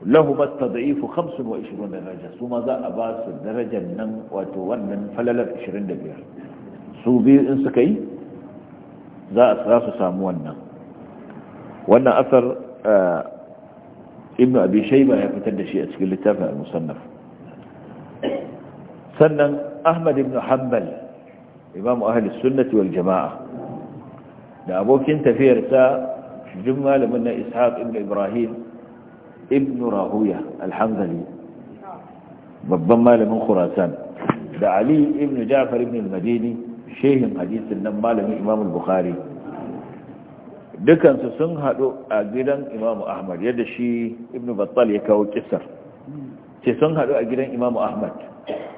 lahu mastad'ifu 25 daraja su ma za a ba su darajar nan wato wannan falalar 25 su biyu in suka yi za a su samu wannan wannan asar ibnu abi shayba ya fitar da shi a cikin littafin al-musannaf sannan ahmad ibn hanbal imam ahli sunnati wal jama'a da abokin tafiyarsa jin malamin na ishaq ibn ibrahim ibn rahuya al-hanzali babban malamin khurasan da ali ibn ja'far ibn al-madini shehin hadisin nan malamin imamul bukhari dukansu sun haɗu a gidan imamu ahmad yadda shi ibn battal ya kawo kisar sai sun haɗu a gidan imamu ahmad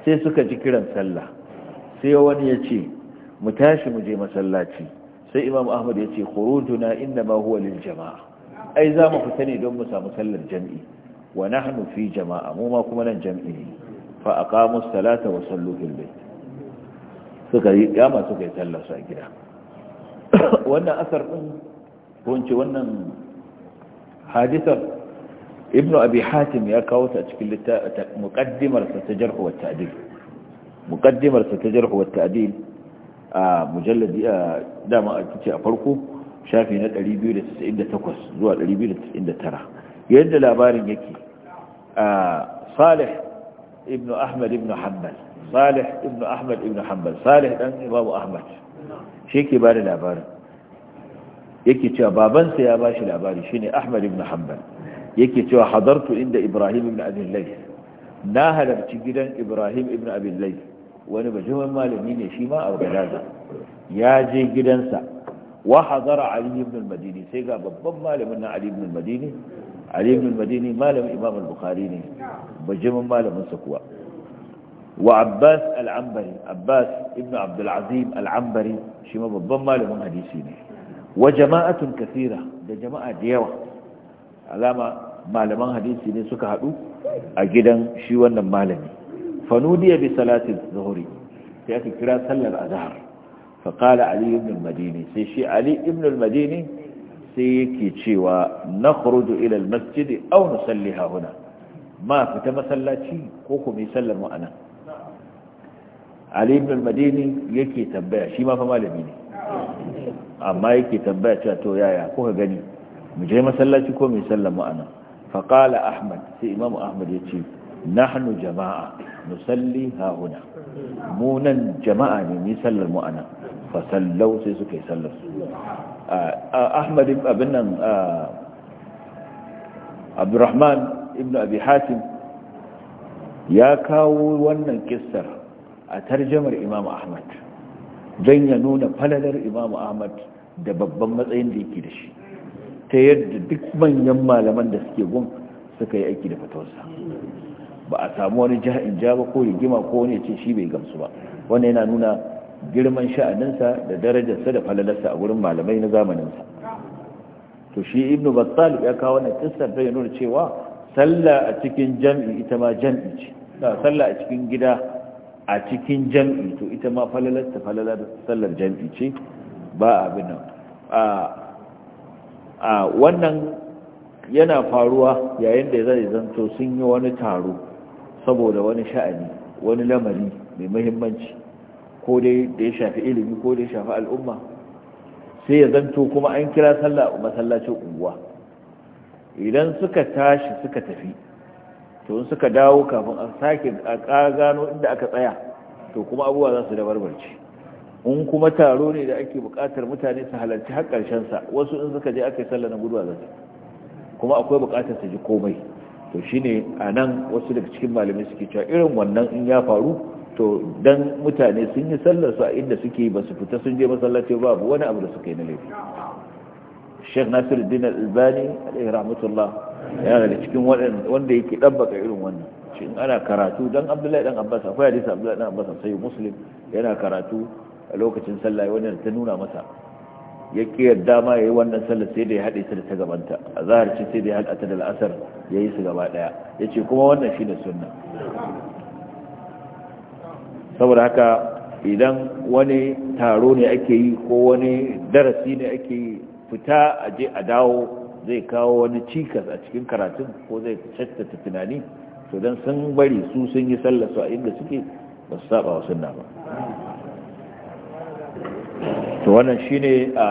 sai suka ji kiran sallah sai wani ya ce mu tashi mu je masallaci sai imamu ahmad ya ce khurujuna inna ma huwa lil jama'a ai za mu fita ne don mu samu sallar jam'i wa nahnu fi jama'a mu ma kuma nan jam'i ne fa aqamu salata wa sallu fil bayt suka yi kiyama suka yi sallarsu a gida wannan asar ɗin kunce wannan hadisar Ibn abi hatim ya kawo ta cikin muqaddimarsa ta jarhu wa ta'dil ta jarhu wa ta'dil a mujalladi a dama a kice a farko shafi na 298 zuwa 299 yadda labarin yake a salih ibnu ahmad ibnu hanbal salih ibn ahmad ibn hanbal salih dan babu ahmad shi ke ba da labarin yake cewa babansa ya ba shi labari ne ahmad ibn hanbal yake cewa hadartu inda ibrahim ibn Abillai. na halarci gidan ibrahim ibn Abillai. lai wani bajiman malami ne shi ma a bagadaza ya je gidansa wa hadara ali ibn madini sai ga babban malamin na ali ibn madini ali ibn madini malamin imam al-bukhari ne bajiman malamin sa kuwa wa Abbas وعباس العنبري عباس ابن عبد العظيم العنبري شيما ببن مالهم حديثي ني وجماعه كثيره ده جماعه ديوا alama مالهم hadisi ne suka haɗu a gidan shi wannan malami fanudi bi salati dhuhri kira sallar azhar فقال علي بن sai yake cewa nakhruju ila al-masjid ma fita masallaci ko ku mi sallar mu anan ali ibn madini yake tambaya shi ma fa malami ne amma yake tambaya cewa to yaya ka gani mu je masallaci ko mu sallama ana fa qala ahmad sai imam ahmad yace nahnu jama'a nusalli ha huna mu nan jama'a ne mu sallar mu ana fa sallau sai suka sallar ahmad ibn nan abdurrahman ibn abi hatim ya kawo wannan kissar a tarjamar imam ahmad don ya nuna falalar imam ahmad da babban matsayin da yake da shi ta yadda duk manyan malaman da suke gun suka yi aiki da fatonsa ba a samu wani jihar ja ba ko rigima ko wani ce shi bai gamsu ba Wani yana nuna girman sha'aninsa da darajarsa da falalarsa a wurin malamai na zamaninsa to shi ibnu battal ya kawo wannan kissar don ya nuna cewa sallah a cikin jam'i ita ma jam'i ce sallah a cikin gida a cikin jam'i to ita ma falalar falalar sallar jam'i ce ba abin nan a wannan yana faruwa yayin da zai zanto sun yi wani taro saboda wani sha'ani wani lamari mai mahimmanci ko dai da ya shafi ilimi ko da ya shafi al'umma sai ya zanto kuma an kira sallah masallacin unguwa idan suka tashi suka tafi to in suka dawo kafin a sake a gano inda aka tsaya to kuma abubuwa za su da barbarci in kuma taro ne da ake buƙatar mutane su halarci har sa wasu in suka je aka yi sallah na gudu za zata kuma akwai buƙatar su ji komai to shine a nan wasu daga cikin malamai suke cewa irin wannan in ya faru to dan mutane sun yi sallar su a inda suke ba su fita sun je masallaci ba wani abu da suka yi na laifi Sheikh Nasiruddin Al-Albani alayhi rahmatullah yana da cikin wanda yake ɗabbaka irin wannan shi ana karatu dan abdullahi dan abbas akwai hadisi abdullahi dan abbas sai muslim yana karatu a lokacin sallah wanda ta nuna masa ya yadda ma yayi wannan sallar sai da ya hade ta da ta gabanta a zahar ce sai da ya hada da al'asar yayi su gaba daya yace kuma wannan shine sunna saboda haka idan wani taro ne ake yi ko wani darasi ne ake yi fita aje a dawo zai kawo wani cikas a cikin karatun ko zai cattata tunani to don sun bari su sun yi su a inda suke ba su saba wa sunna ba to wannan ne a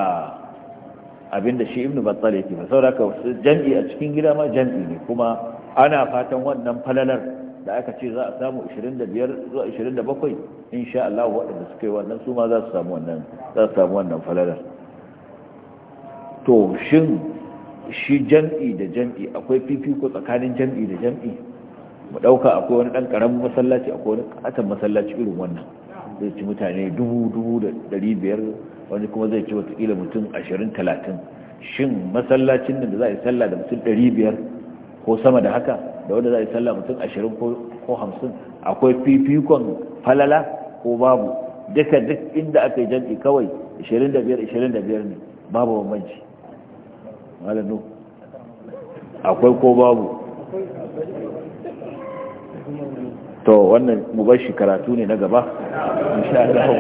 abinda shi ibnu battal yake ba sauraka ka a cikin gida ma jami'i ne kuma ana fatan wannan falalar da aka ce za a samu 25 zuwa 27 insha Allah waɗanda suka yi wannan su ma za su samu wannan za su samu wannan falalar to shin shi jam'i da jam'i akwai fifiko tsakanin jam'i da jam'i mu ɗauka akwai wani ɗan ƙaramin masallaci akwai wani ƙaton masallaci irin wannan zai ci mutane dubu dubu da ɗari biyar wani kuma zai ci watakila mutum ashirin talatin shin masallacin da za a yi sallah da mutum ɗari biyar ko sama da haka da wanda za a yi sallah mutum ashirin ko hamsin akwai fifikon falala ko babu duka duk inda aka yi jam'i kawai ashirin da biyar ashirin da biyar ne babu bambanci malanu akwai ko babu to wannan mubashi karatu ne na gaba insha Allah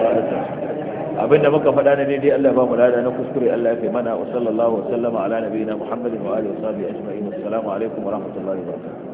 abinda muka faɗa na daidai Allah ba mu lada na kuskure Allah ya fi mana wa sallallahu wa sallama ala na Muhammadin wa alihi wa sahbihi ajma'in assalamu alaikum wa rahmatullahi wa barakatuh